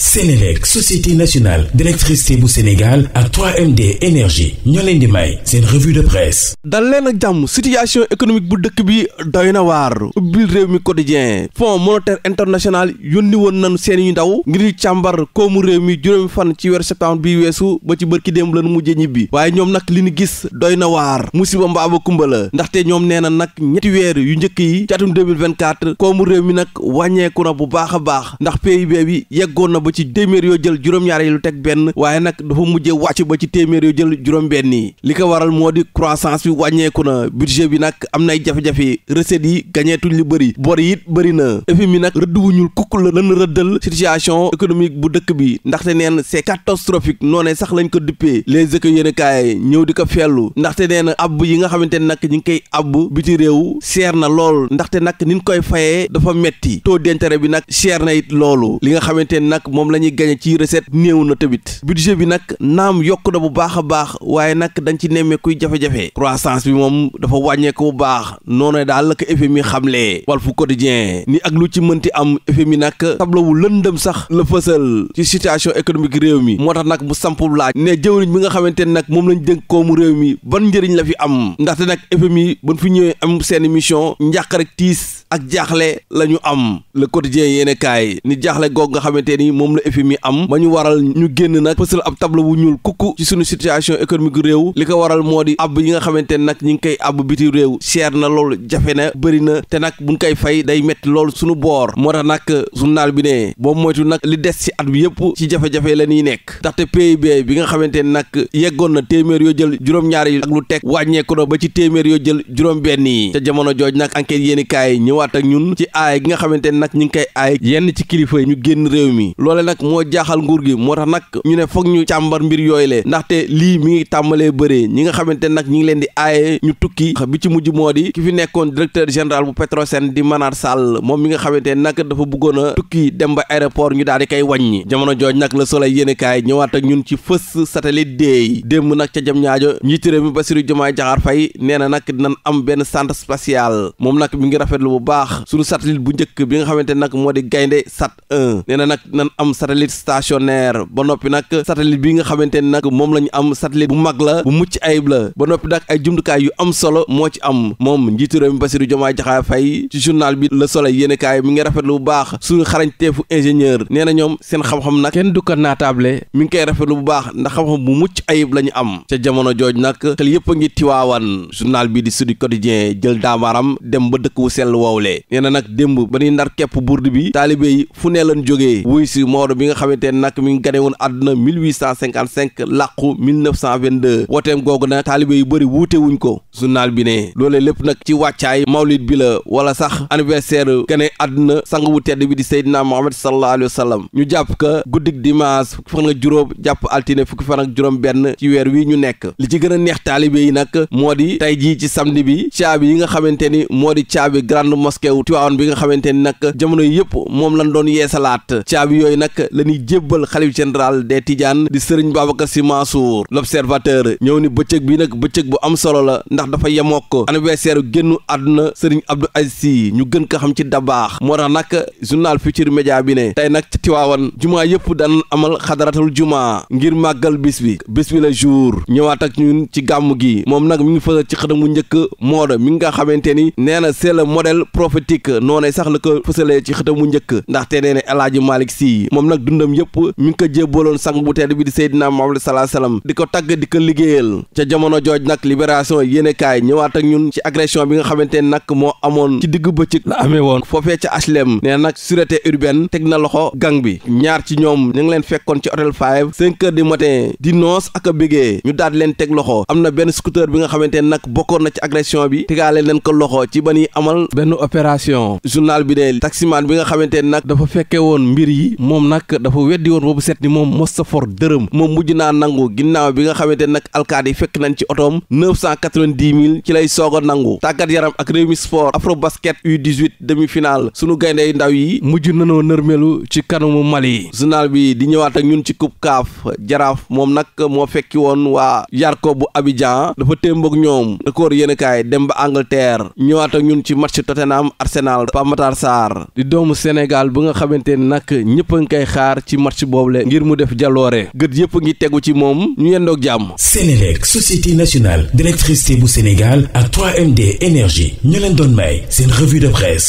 Sénélec société nationale d'électricité bu Sénégal ak 3MD énergie ñoo leen di may seen revue de presse dal leen ak jàmm situation économique bu dëkk bi doy na waar ubbil réew mi quotidien fonds monétaire international yónni woon nañu seen yu ndaw ngir càmbar koomu réew mi juróomi fan ci weer septembre bi weesu ba ci bërki démb lañu mujjee ñibbi waaye ñoom nag li ni gis doy na waar musiba mbaaba kumba la ndaxte ñoom nee na nag ñetti weer yu njëkk yi ci atum 2024 koomu réew mi nag wàññeeku na bu baax a baax ndax ba ci téeméer yoo jël juróom-ñaar yi lu teg benn waaye nag dafa mujjee wàcc ba ci téeméer yoo jël juróom-benn yi li ko waral moo di croissance bi wàññeeku na budget bi nag am nay jafe-jafe recettes yi gañeetuñ lu bëri bor yi it na effet mi nag rëdd wu ñuul kukk la lan rëddal situation économique bu dëkk bi ndaxte neen c'est catastrophique noone sax lañ ko duppee les éco yéen kaay ñëw di ko feellu ndaxte nee na abb yi nga xamante ne nag ñu ngi koy abb biti réew seer na lool ndaxte nag niñ koy fayee dafa metti taux d'intérêt bi nag seer na it loolu moom la ñuy gañe ci reset néewu na tamit budget bi nag naam yokk na bu baax a baax waaye nag dañ ci nemmeekuy jafe-jafe croissance bi moom dafa wàññeeku bu baax noonu daal la ko FMI xamle Walf Quotidien ni ak lu ci mënti am mi nag tableau wu lëndëm sax la fësal ci situation économique réew mi moo tax nag mu sampu laaj ne jëwriñ bi nga xamante ne nag moom lañ dénk koomu réew mi ban njëriñ la fi am ndaxte nag FMI ban fi ñëwee am seen mission njàq rek tiis ak jaaxle la ñu am le quotidien yéene kaay ni jaaxle goog nga xamante ni moom la FMI am ba ñu waral ñu génn nag fësal ab tableau bu ñuul kukk ci suñu situation économique réew li ko waral moo di àbb yi nga xamante nag ñi ngi koy àbb biti réew cher na loolu jafe na bëri na te nag buñ koy fay day metti loolu sunu boor moo tax nag journal bi ne boo moytu nag li des ci at bi yëpp ci jafe-jafe la ñuy nekk ndaxte PIB bi nga xamante nag yeggoon na yoo jël juróom ak lu teg wàññeeku ba ci téeméer yoo jël juróom-benn jamono jooj nag enquête yéene kaay ñëw ñëwaat ak ñun ci aay nga xamante ne nag ñu ngi koy aay yenn ci kilifa ñu génn réew mi loole nag moo jaaxal nguur gi moo tax nag ñu ne foog ñu càmbar mbir yooyu le ndaxte lii mi ngi tàmbalee bëree ñi nga xamante ne nag ñi ngi leen di aaye ñu tukki bi ci mujj moo di ki fi nekkoon directeur général bu Petrosen di Manar Sall moom mi nga xamante ne nag dafa bëggoon a tukki dem ba aéroport ñu daal di koy wàññi jamono jooj nag la Le Soleil yéenekaay ñëwaat ak ñun ci fës satelit day démb nag ca jam ñaajo njiit réew mi Bassirou Diomaye Diakhar Faye nee na nag dinañ am benn centre spatial moom nag mi ngi rafetlu baax sunu satellite bu njëkk bi nga xamante nag moo di gaynde sat 1 na nag nan am satellite stationnaire ba noppi nag satellite bi nga xamante nag moom la ñu am satellite bu mag la bu mucc ayib la ba noppi nag ay jumtukaay yu am solo moo ci am moom njiitu réew mi Bassirou Diomaye Diakhar Faye ci journal bi Le Soleil yéenekaay mi ngi rafetlu bu baax suñu xarañteefu ingénieur nee na ñoom seen xam-xam nag kenn du ko naataable mi ngi koy lu bu baax ndax xam-xam bu mucc ayib la ñu am ca jamono jooj nag yëpp a ngi tiwaawan journal bi di Sud Quotidien jël daamaaram dem ba nawlee nee na nag démb ba ñuy ndar kepp burdu bi taalibe yi fu nee lan jógee wuy si Maodo bi nga xamante ne nag mi ngi gane woon àdduna 1855 làqu 1922 wooteem googu nag taalibe yu bëri wuute ko journal bi ne loolee lépp nag ci wàccaay mawlid bi la wala sax anniversaire gane àdduna sang bu tedd bi di Seydina Muhammad sallallahu alayhi wa sallam ñu jàpp ka guddik dimanche fukki fan juróom jàpp altine fukki fan ak juróom benn ci weer wi ñu nekk li ci gën a neex taalibe yi nag moo di tey jii ci samedi bi caabi yi nga xamante ni moo di caabi grande mosquée wu Tivaouane bi nga xamante ni nag jamono yëpp moom lañ doon yeesalaat caabi yooyu nag la ñuy jébbal xalif général de Tidianes di Serigne Babacar Sy Mansour l'observateur ñëw ni bëccëg bi nag bëccëg bu am solo la ndax ndax dafa yemook anniversaire génnu àdduna Serigne Abdou Aziz Sy ñu gën ko xam ci dabaax moo tax nag journal Futurs Médias bi ne tey nag ci Tiwaawan jumaa yëpp daan amal xadaratul jumaa ngir màggal bis bi bis bi la jour ñëwaat ak ñun ci gàmm gi moom nag mu ngi fësal ci xëtam mu njëkk moodo mi nga xamante ni nee na model le modèle prophétique noonee sax la ko fësalee ci xëtam mu njëkk ndaxte nee na El Hadji Malick moom nag dundam yëpp mi ngi ko jébbaloon sang bu tedd bi di Seydina Muhammad sallallahu alayhi wasallam di ko tagg di ko liggéeyal ca jamono jooj nag libération yéene yéenekaay ñëwaat ak ñun ci agression bi nga xamante ne nag moo amoon ci digg bëccëg la amee woon foofee ca HLM nee na leen fekkoon ci hôtel 5 cinq heures du matin di noos ak a ñu daal leen teg loxo am na benn scooter bi nga xamante ne nag bokkoon na ci agression bi tegaale leen ko loxo ci ba ñuy amal benn opération journal bi ne taximaan bi nga xamante ne nag dafa fekke woon mbir yi moom nag dafa weddi woon boobu set ni moom mos sa for dërëm moom mujj naa nangu ginnaaw bi nga xamante ne nag alkaat yi fekk nañ ci otoom dix mille ci lay soog a nangu tàggat yaram ak réew mi sport afro basket U18 demi-finale sunu gayndey ndaw yi mujj nanoo nërmelu ci kanamu Mali journal bi di ñëwaat ak ñun ci coupe kaaf jaraaf moom nag moo fekki woon waa Yarko bu Abidjan dafa témboog ñoom record yéenekaay dem ba Angleterre ñëwaat ak ñun ci match Tottenham Arsenal Pape Matar Sarr di doomu Sénégal bu nga xamante ne nag ñëpp ngi koy xaar ci match boobule ngir mu def jaloore gët yëpp ngi tegu ci moom ñu yendoog jàmm Sénégal ak 3MD énergie ñu leen doon may seen revue de presse